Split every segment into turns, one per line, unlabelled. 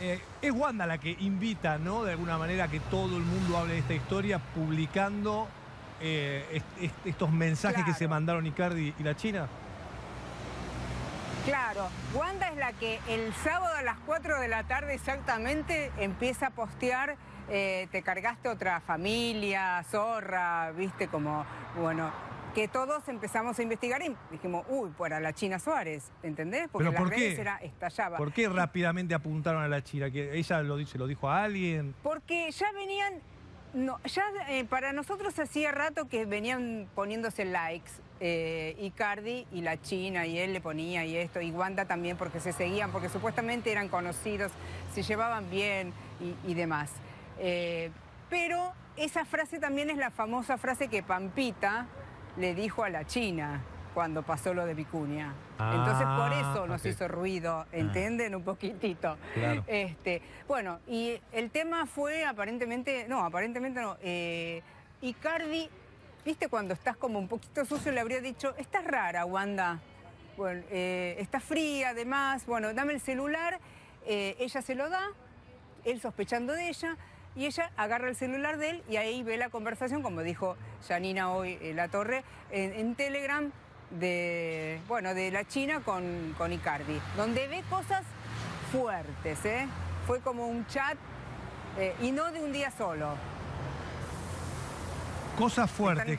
Eh, es Wanda la que invita, ¿no? De alguna manera que todo el mundo hable de esta historia publicando eh, estos mensajes que se mandaron Icardi y la China.
Claro, Wanda es la que el sábado a las 4 de la tarde exactamente empieza a postear, eh, te cargaste otra familia, zorra, viste, como, bueno, que todos empezamos a investigar y dijimos, uy, para la China Suárez, ¿entendés? Porque por estallaba. ¿Por qué
rápidamente apuntaron a la China? ¿Que ¿Ella lo, se lo dijo a alguien?
Porque ya venían no, ya eh, para nosotros hacía rato que venían poniéndose likes. Eh, Icardi y la China, y él le ponía y esto, y Wanda también, porque se seguían, porque supuestamente eran conocidos, se llevaban bien y, demás. Eh, pero esa frase también es la famosa frase que Pampita, le dijo a la China cuando pasó lo de Vicuña. Entonces por ah, eso nos hizo ruido, ah. ¿entienden? un poquitito. Este, bueno, y el tema fue aparentemente, no, aparentemente no, eh, Icardi, viste cuando estás como un poquito sucio, le habría dicho, estás rara, Wanda, bueno, eh, está fría además, bueno, dame el celular, eh, ella se lo da, él sospechando de ella, y ella agarra el celular de él y ahí ve la conversación, como dijo Janina hoy en eh, La Torre, en, Telegram de, bueno, de la China con, con Icardi, donde ve cosas fuertes, ¿eh? Fue como un chat eh, y no de un día solo.
Cosas fuertes.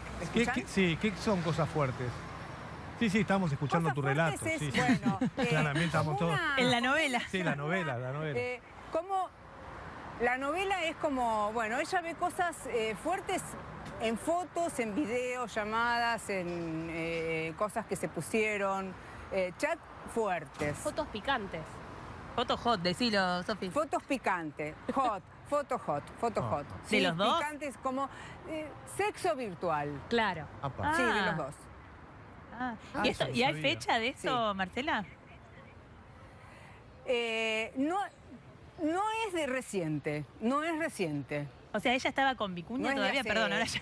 sí, ¿qué son cosas fuertes? Sí, sí, estamos escuchando tu relato. Es, sí, eh, Claramente estamos En la
novela. Sí, la
novela, la novela.
La novela es como, bueno, ella ve cosas eh, fuertes en fotos, en videos, llamadas, en eh, cosas que se pusieron, eh, chat fuertes. Fotos picantes. Fotos hot, decilo, Sofi. Fotos picantes, hot, fotos hot, fotos ah. hot. ¿De los dos? Picantes como sexo virtual. Claro. Sí, de los ah. dos.
Ah. ah ¿Y, ¿Y, hay fecha de eso, Martela? Marcela? no, no es de reciente, no es reciente. O sea, ella estaba con Vicuña todavía, perdón, ahora ya...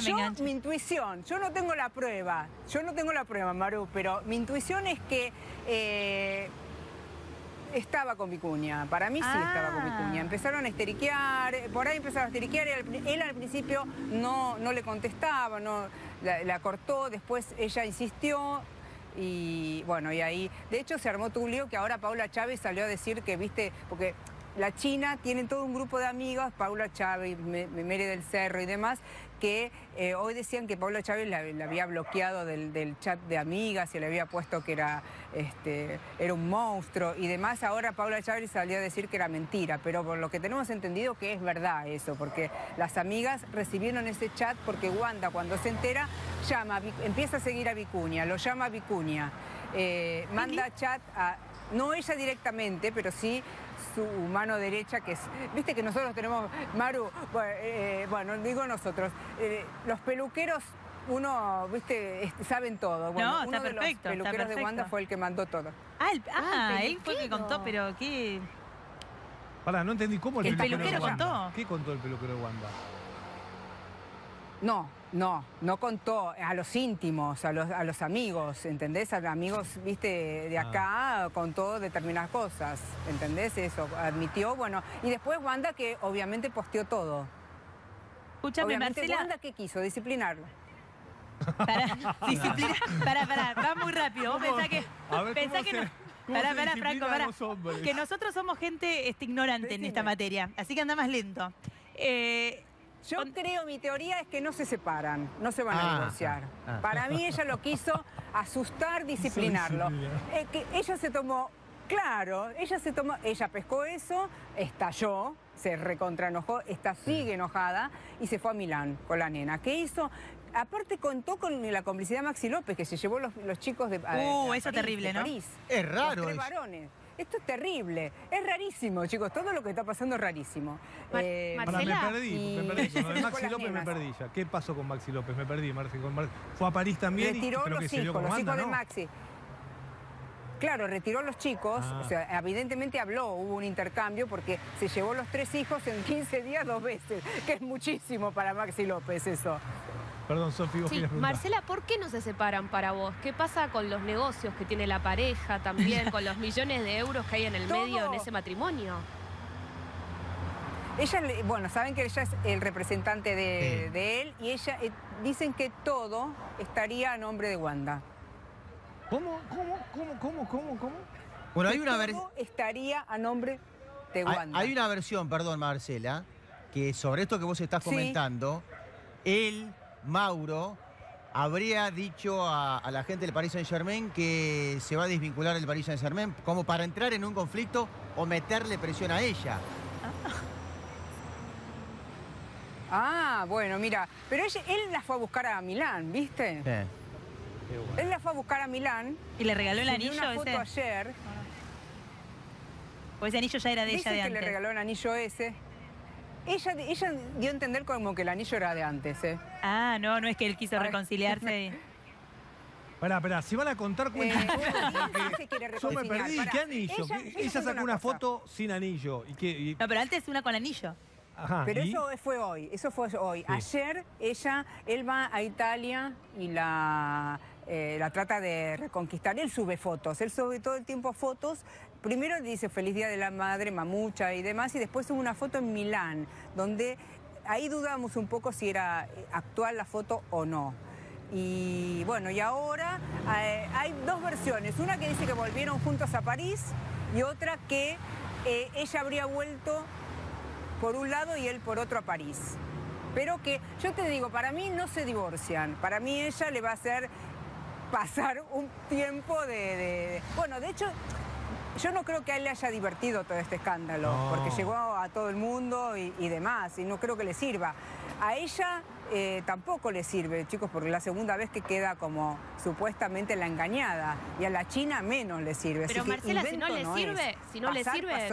yo,
mi intuición, yo no tengo la prueba, yo no tengo la prueba, Maru, pero mi intuición es que eh, estaba con Vicuña, para mí sí estaba con ah. Vicuña. Empezaron a esteriquear, por ahí empezaron a esteriquear, él, él al principio no, no le contestaba, no, la cortó, después ella insistió, y bueno, y ahí, de hecho se armó todo lío que ahora Paula Chávez salió a decir que, viste, porque la China tiene todo un grupo de amigas, Paula Chávez, Mere del Cerro y demás, que eh, hoy decían que Paula Chávez la, había bloqueado del, chat de amigas y le había puesto que era, este, era un monstruo y demás. Ahora Paula Chávez salió a decir que era mentira, pero por lo que tenemos entendido que es verdad eso, porque las amigas recibieron ese chat porque Wanda cuando se entera llama, empieza a seguir a Vicuña, lo llama Vicuña, eh, manda chat a... No ella directamente, pero sí su mano derecha, que es, viste que nosotros tenemos, Maru, eh, bueno, digo nosotros, eh, los peluqueros uno, viste, saben todo. Bueno, no, uno está de perfecto, los peluqueros de Wanda fue el que mandó todo.
Ah, el, ah, ah, él fue el que contó, pero
qué... Pará, no entendí cómo el, peluquero, peluquero contó. ¿Qué contó el peluquero de Wanda?
No, no, no contó eh, a los íntimos, a los, amigos, ¿entendés? A los amigos, viste, de ah. acá contó determinadas cosas, ¿entendés? Eso, admitió, bueno. Y después Wanda que obviamente posteó todo. Escúchame, Marcela. Wanda que quiso, disciplinarlo. Para, disciplinar,
para, va muy rápido. Vos pensá que, ver, que no... Pará, Franco, pará. Que nosotros somos gente este, ignorante en esta materia, así que anda más lento. Eh,
yo creo, mi teoría es que no se separan, no se van a negociar. Ah, ah, ah. Para mí ella lo quiso asustar, disciplinarlo. Eh, ella se tomó, claro, ella se tomó, ella pescó eso, estalló, se recontraenojó, está sigue enojada y se fue a Milán con la nena. ¿Qué hizo? Aparte contó con la complicidad de Maxi López, que se llevó los, chicos de... Uh, eso terrible, ¿no? es raro. varones. Esto es terrible, es rarísimo, chicos, todo lo que está pasando es rarísimo. eh, me perdí, me perdí. Maxi López me
perdí ya. ¿Qué pasó con Maxi López? Me perdí, Fue a París también. Retiró los que hijos, los hijos de Maxi.
Claro, retiró los chicos, ah. o sea, evidentemente habló, hubo un intercambio porque se llevó los tres hijos en 15 días dos veces, que es muchísimo para Maxi López eso. Perdón, Sofi, Marcela, ¿por qué no se separan para
vos? ¿Qué pasa con los negocios que tiene la pareja también, con los millones de euros que hay en el medio en ese matrimonio?
Ella, bueno, saben que ella es el representante de, él y ella eh, dicen que todo estaría a nombre de Wanda. ¿Cómo? ¿Cómo? ¿Cómo? ¿Cómo? ¿Cómo? Bueno, hay una versión. estaría a nombre de Wanda. Hay,
una versión, perdón, Marcela, que sobre esto que vos estás comentando, él Mauro, habría dicho a, la gente del Paris Saint Germain que se va a desvincular el París Saint Germain como para entrar en un conflicto o meterle presión a ella.
Ah, ah bueno, mira, pero él la fue a buscar a Milán, ¿viste? Él la fue a buscar a Milán. ¿Y le regaló el anillo ayer. O ese anillo ya era de ella de que le regaló el anillo ese. Ella, dio a entender como que el anillo era de antes, ¿eh?
Ah, no, no es que él quiso
reconciliarse.
espera espera si van a contar eh, cuentas. yo me perdí, ¿qué anillo? Ella, sacó una, foto sin anillo. ¿Y No, pero antes una con anillo. pero eso
fue hoy, eso fue hoy. Ayer ella, él va a Italia y la, eh, la trata de reconquistar. Él sube fotos, él sube todo el tiempo fotos primero dice feliz día de la madre, mamucha y demás, y después hubo una foto en Milán, donde ahí dudamos un poco si era eh, actual la foto o no. Y bueno, y ahora eh, hay dos versiones, una que dice que volvieron juntos a París y otra que eh, ella habría vuelto por un lado y él por otro a París. Pero que yo te digo, para mí no se divorcian, para mí ella le va a hacer pasar un tiempo de... de bueno, de hecho, yo no creo que a él le haya divertido todo este escándalo, porque llegó a todo el mundo y, demás, y no creo que le sirva. A ella eh, tampoco le sirve, chicos, porque la segunda vez que queda como supuestamente la engañada, y a la China menos le sirve. Pero Marcela, si no le sirve, si no le sirve,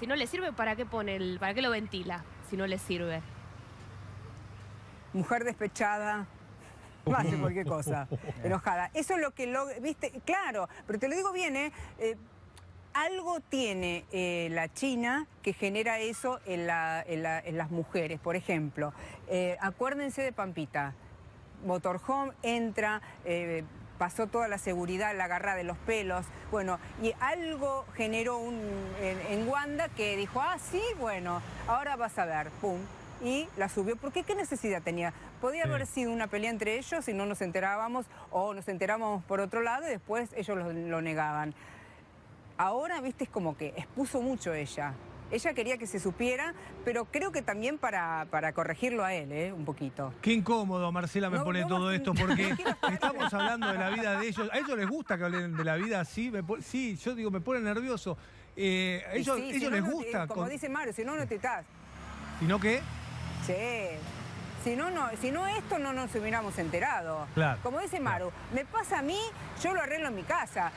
si no le sirve, ¿para qué pone para qué lo ventila? Si no le sirve.
Mujer despechada, ser cualquier cosa, enojada. Eso es lo que, lo, viste, claro, pero te lo digo bien, ¿eh? eh algo tiene eh, la China que genera eso en, las mujeres, por ejemplo. Eh, acuérdense de Pampita. Motorhome entra, eh, pasó toda la seguridad, la agarra de los pelos, bueno, y algo generó un, en, Wanda que dijo, ah, sí, bueno, ahora vas a ver, pum, y la subió. ¿Por qué? ¿Qué necesidad tenía? Podía haber sido una pelea entre ellos y no nos enterábamos, o nos enterábamos por otro lado y después ellos lo negaban. Ahora, viste, es como que expuso mucho ella. Ella quería que se supiera, pero creo que también para, para corregirlo a él, ¿eh? un poquito.
Qué incómodo, Marcela, me pone todo esto, porque estamos hablando de la vida de ellos. A ellos les gusta que hablen de la vida así. sí, yo digo, me pone nervioso. a eh, ellos, les gusta. como dice
Mario, si no, no te estás.
sino qué? Sí.
Si no, no, si no esto no nos hubiéramos enterado. Como dice Maru, me pasa a mí, yo lo arreglo en mi casa.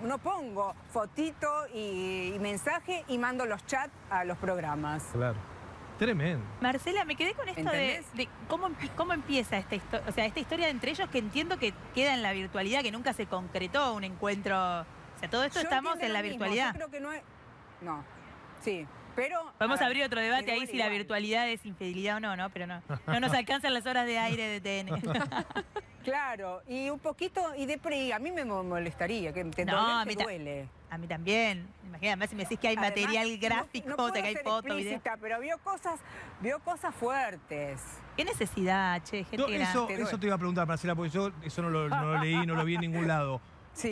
No, pongo fotito y, mensaje y mando los chats a los programas.
Claro. Tremendo.
Marcela, me quedé con esto
de, cómo, cómo empieza esta, o sea, esta historia entre ellos que entiendo que queda en la virtualidad, que nunca se concretó un encuentro. O sea, todo esto estamos en la virtualidad. Yo
creo que no es... No, sí.
Pero. Vamos a, abrir otro debate ahí si la virtualidad es infidelidad o no, ¿no? Pero no. No nos alcanzan las horas de aire de TN.
claro, y un poquito, y de a mí me molestaría, que te no, a duele. A mí también, imagínate, además si me decís que hay material gráfico, o que hay fotos, pero vio cosas, vio cosas fuertes. ¿Qué necesidad, che, gente? eso,
te iba a preguntar, Marcela, porque yo eso no lo, leí, no lo vi en ningún lado.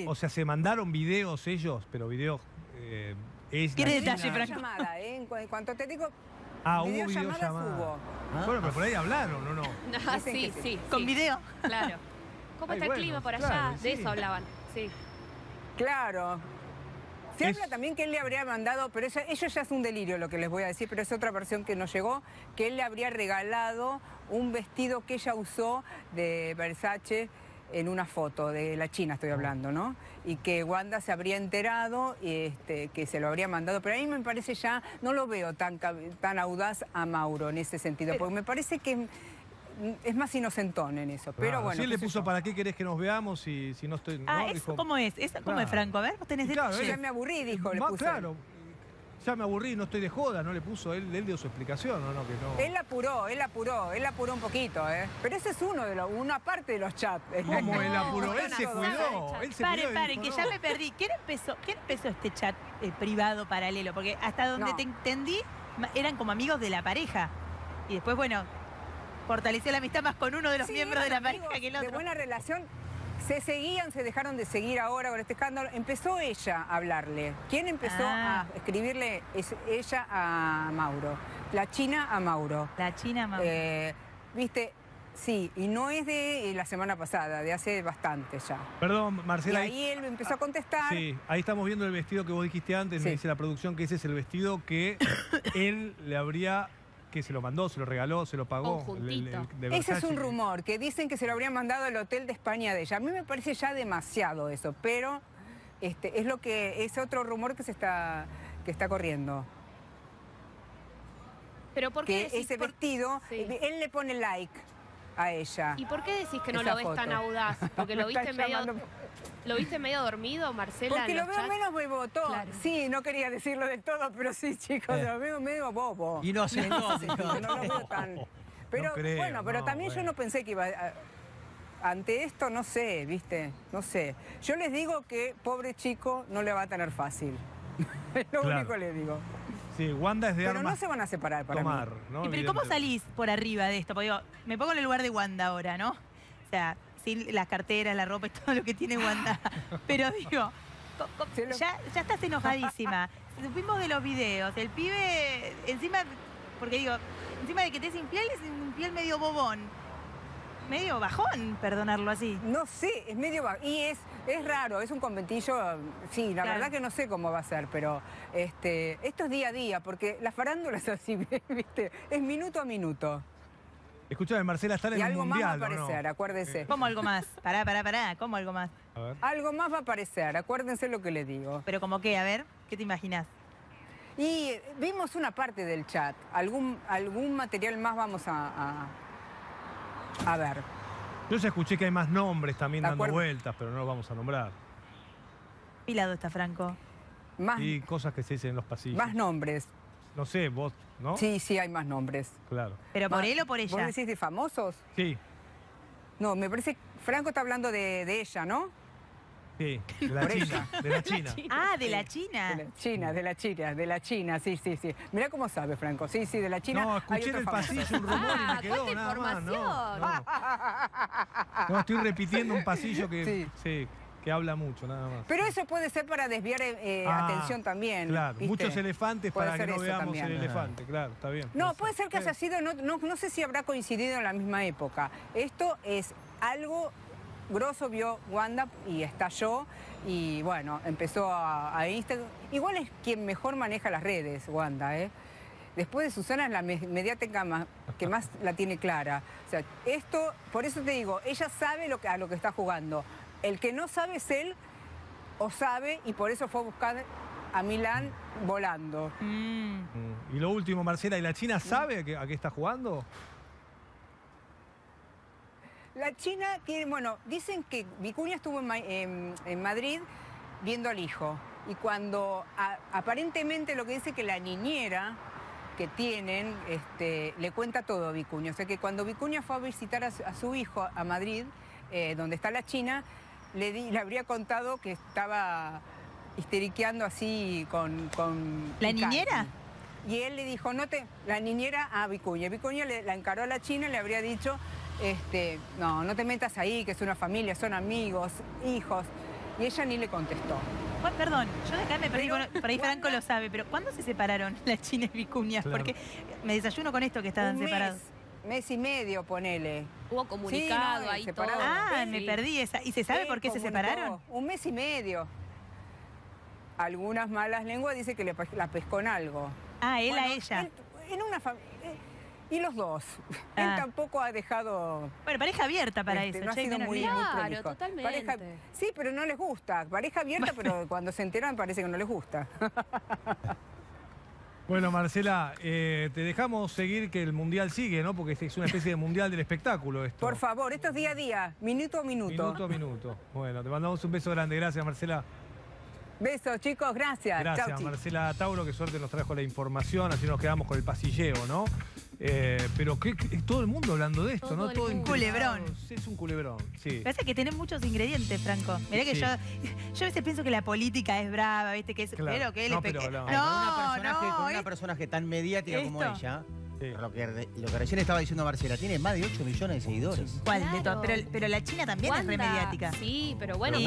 O sea, se mandaron videos ellos, pero videos eh, es ¿Qué detalle, Franco?
Llamada, ¿eh? En cuanto te digo...
Ah, hubo videollamada. Hubo. Ah. Bueno, pero por ahí hablaron, ¿o no? sí, sí, ¿Con video? Claro. ¿Cómo está el clima por allá? De eso hablaban,
sí. Claro. Se habla también que él le habría mandado, pero eso, eso, ya es un delirio lo que les voy a decir, pero es otra versión que nos llegó, que él le habría regalado un vestido que ella usó de Versace en una foto, de la China estoy hablando, ¿no? Y que Wanda se habría enterado y este, que se lo habría mandado. Pero a mí me parece ya, no lo veo tan, tan audaz a Mauro en ese sentido, porque me parece que es más inocentón en eso. Pero bueno. Si le
puso para qué querés que nos veamos y si no estoy. Ah, cómo
es? ¿Cómo es, Franco? A ver, vos tenés claro, Ya me aburrí, dijo. Le puso
ya me aburrí, no estoy de joda, no le puso, él, él dio su explicación, ¿no? no que no...
Él apuró, él apuró, él apuró un poquito, ¿eh? Pero ese es uno de los, una parte de los chats. ¿Cómo él apuró? él se cuidó, él se pare, que ya me perdí.
¿Quién empezó, qué empezó este chat eh, privado paralelo? Porque hasta donde te entendí, eran como amigos de la pareja. Y después, bueno,
fortaleció la amistad más con uno de los miembros de la pareja que el otro. De buena relación, se seguían, se dejaron de seguir ahora con este escándalo. Empezó ella a hablarle. ¿Quién empezó a ah. escribirle? Es ella a Mauro. La China a Mauro. La China a Mauro. Eh, viste, Sí, y no es de eh, la semana pasada, de hace bastante ya.
Perdón, Marcela. Y ahí
él empezó a contestar. Sí,
ahí estamos viendo el vestido que vos dijiste antes, me dice la producción que ese es el vestido que él le habría que se lo mandó, se lo regaló, se lo pagó. Ese es un
rumor, que dicen que se lo habrían mandado al hotel de España de ella. A mí me parece ya demasiado eso, pero este, es lo que es otro rumor que se está, que está corriendo. Pero ¿por qué? ese partido vestido, él le pone like a ella. ¿Y por qué decís que no lo ves tan audaz? Porque lo viste medio... ¿Lo viste medio dormido, Marcela? Porque lo veo menos me votó. Sí, no quería decirlo de todo, pero sí, chicos, eh. lo veo medio bobo. Y no sé, no, no, no, lo Pero bueno, pero también yo no pensé que iba ante esto no sé, viste, no sé. Yo les digo que pobre chico no le va a tener fácil.
es lo único que le digo. Sí, Wanda es de Pero no se van a separar para tomar, ¿cómo salís
por arriba de esto?
Porque digo, me pongo en el lugar de Wanda ahora, ¿no? O sea, sin las carteras, la ropa y todo lo que tiene Wanda. Pero digo, ya, estás enojadísima. Supimos de los videos. El pibe, encima, porque digo, encima de que te es infiel, es un piel
medio bobón medio bajón perdonarlo así. No sé, es medio bajón. Y es, es raro, es un conventillo, sí, la verdad que no sé cómo va a ser, pero este, esto es día a día, porque las farándulas así, ¿viste? Es minuto a minuto.
Escúchame, Marcela, está en el algo más va a aparecer, acuérdense
acuérdese. Eh. ¿Cómo algo más? Pará, pará, pará. ¿Cómo algo más? Algo más va a aparecer, acuérdense lo que le digo. ¿Pero como qué? A ver, ¿qué te imaginas? Y vimos una parte del chat. Algún, algún material más vamos a
a ver. Yo ya escuché que hay más nombres también dando vueltas, pero no los vamos a nombrar.
Pilado está Franco. Más, y
cosas que se dicen en los pasillos. Más nombres. No sé, vos, ¿no? Sí, sí, hay más nombres. Claro. ¿Pero por él o por ella? ¿Vos decís
de famosos? Sí. No, me parece que Franco está hablando de ella, ¿no?
Sí, de la ah, China, de la China.
Ah, de la China. China, de la China, de la China, sí, sí, sí. Mirá cómo sabe, Franco. Sí, sí, de la China. No, escuché en el pasillo un rumor y me ah, quedó nada más.
No, no. estoy repitiendo un pasillo que, que habla mucho, nada más.
Pero eso puede ser para desviar eh, eh, ah, atención también. Claro, muchos
elefantes para que no veamos el elefante, claro, está bien. No,
puede ser que haya sido, no, no, no sé si habrá coincidido en la misma época. Esto es algo Grosso vio Wanda y estalló y bueno, empezó a, Instagram. Igual es quien mejor maneja las redes, Wanda, ¿eh? Después de Susana es la mediática más, que más la tiene clara. O sea, esto, por eso te digo, ella sabe lo que, a lo que está jugando. El que no sabe es él, o sabe, y por eso fue a buscar a Milán volando. Mm.
Mm. Y lo último, Marcela, ¿y la China mm. sabe a qué está jugando?
La China tiene, bueno, dicen que Vicuña estuvo en, Madrid viendo al hijo. Y cuando aparentemente lo que dice que la niñera que tienen este, le cuenta todo a Vicuña. O sea que cuando Vicuña fue a visitar a su, hijo a Madrid, eh, donde está la China, le, habría contado que estaba histeriqueando así con... ¿La niñera? Y él le dijo, no te... La niñera a ah, Vicuña. Vicuña le, la encaró a la China y le habría dicho este, no, no te metas ahí, que es una familia, son amigos, hijos. Y ella ni le contestó. Perdón, yo de acá me perdí, por ahí Franco lo sabe, pero ¿cuándo
se separaron las chinas vicuñas? Porque me desayuno con esto que estaban separados.
Mes, y medio, ponele. Hubo comunicado ahí Ah, me perdí esa. ¿Y se sabe por qué se separaron? Un mes y medio. Algunas malas lenguas dicen que la pescó en algo. Ah, él a ella. en una familia eh, y los dos. Él ah. tampoco ha dejado... Bueno, pareja abierta para este, eso. No ha sido muy, claro, sí, pero no les gusta. Pareja abierta, pero cuando se enteran parece que no les gusta.
Bueno, Marcela, eh, te dejamos seguir que el mundial sigue, ¿no? Porque este es una especie de mundial del espectáculo esto. Por favor, esto es día a día, minuto a minuto. Minuto a minuto. Bueno, te mandamos un beso grande. Gracias, Marcela.
Besos, chicos, gracias. Gracias,
Marcela Tauro, que suerte nos trajo la información, así nos quedamos con el pasilleo, ¿no? Eh, pero que, todo el mundo hablando de esto, ¿no? Todo un culebrón. Es un culebrón, sí.
parece que tiene muchos ingredientes, Franco. Mirá que yo, yo a veces pienso que la política es brava, ¿viste? Que es, claro. Pero que él es pero, no, con una personaje, una es... tan mediática como ella... Lo, que, recién estaba diciendo Marcela, tiene más de 8 millones de seguidores. pero, la China también es remediática. Sí, pero bueno, y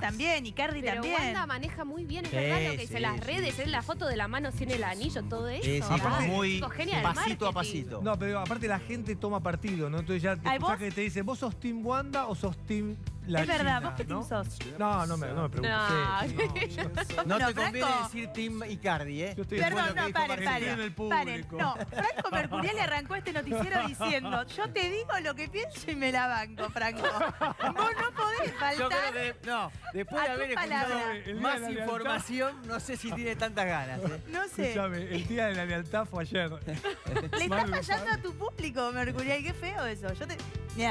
también, y Cardi pero también. Wanda maneja muy bien, es que dice, las redes, es la foto de la mano sin el anillo, todo eso. Sí, muy pasito a pasito.
No, pero aparte la gente toma partido, ¿no? Entonces ya te que te dice, ¿vos sos Team Wanda o sos Team es verdad, ¿vos qué team sos? No, no me, no preguntes.
No, te conviene decir
Team Icardi, ¿eh? Yo estoy Perdón, no, pare, pare. En el pare. No, Franco Mercurial le arrancó
este noticiero diciendo: Yo te digo lo que pienso y me la banco, Franco. Vos no podés faltar. Yo creo que, no,
después de haber escuchado más información, no sé si tiene tantas ganas. ¿eh? No sé. Escuchame, el día de la lealtad fue ayer. Le estás
fallando a tu público, Mercurial. Qué feo eso. Yo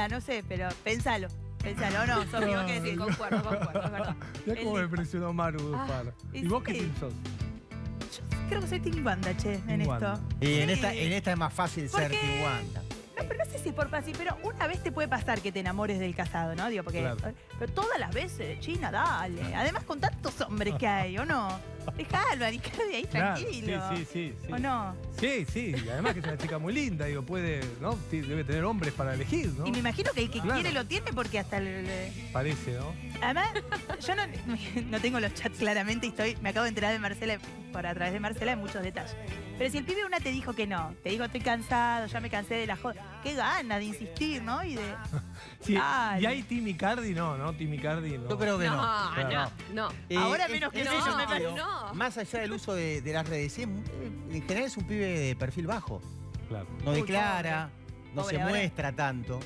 no sé, pero pensalo. Pensalo, no, sos vivo que decir concuerdo, concuerdo, es
verdad. Ya cómo me presionó Maru, ah, ¿Y, vos qué team sos? Yo creo
que soy Team Wanda, che, en esto. Y en, esta, en esta
es más fácil ser Team Wanda.
No, pero no sé si es por fácil, pero una vez te puede pasar que te enamores del casado, ¿no? Digo, porque. Eh, pero todas las veces, China, dale. Además, con tantos hombres que hay, ¿o no? Dejalo, de ahí tranquilo. Sí, sí, sí, ¿O no?
Sí, sí, además que es una chica muy linda, digo, puede, ¿no? Debe tener hombres para elegir, ¿no? Y me
imagino que el que quiere lo tiene porque hasta el-
Parece, ¿no?
Además, yo no, tengo los chats claramente y estoy, me acabo de enterar de Marcela, para a través de Marcela, en muchos detalles. Pero si el pibe una te dijo que no, te dijo estoy cansado, ya me cansé de la joda, qué gana de insistir, ¿no? Y de.
Sí, y hay Timmy Cardi, no, ¿no? Timmy Cardi, no. Yo creo que no. No, no, no. Eh, ahora menos que es eso, me No. Más allá del uso de, las redes, eh,
en general es un pibe de perfil bajo. Claro. No declara, no se muestra
tanto.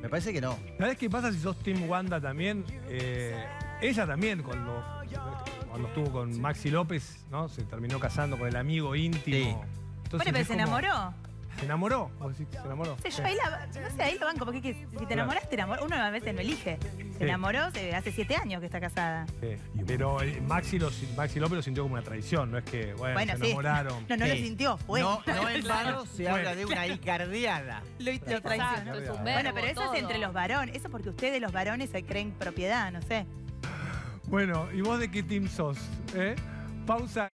Me parece que no. ¿Sabes qué pasa si sos Tim Wanda también? Eh, ella también, cuando cuando estuvo con Maxi López, ¿no? Se terminó casando con el amigo íntimo. Entonces, bueno, pero se enamoró. ¿Se enamoró? se enamoró? yo ahí
no sé, ahí lo banco, porque que, si te enamoras, te enamoras. Uno a veces no elige. Se enamoró hace siete años que está casada.
Sí. Pero eh, Maxi, López lo sintió como una traición, no es que, bueno, se enamoraron. No, no lo sintió,
fue. No, no en barro se habla de una icardiada. Lo, lo traicionó. Bueno, pero eso es entre los varones. Eso porque ustedes los varones se creen propiedad, no sé.
Bueno, ¿y vos de qué team sos? Eh? Pausa.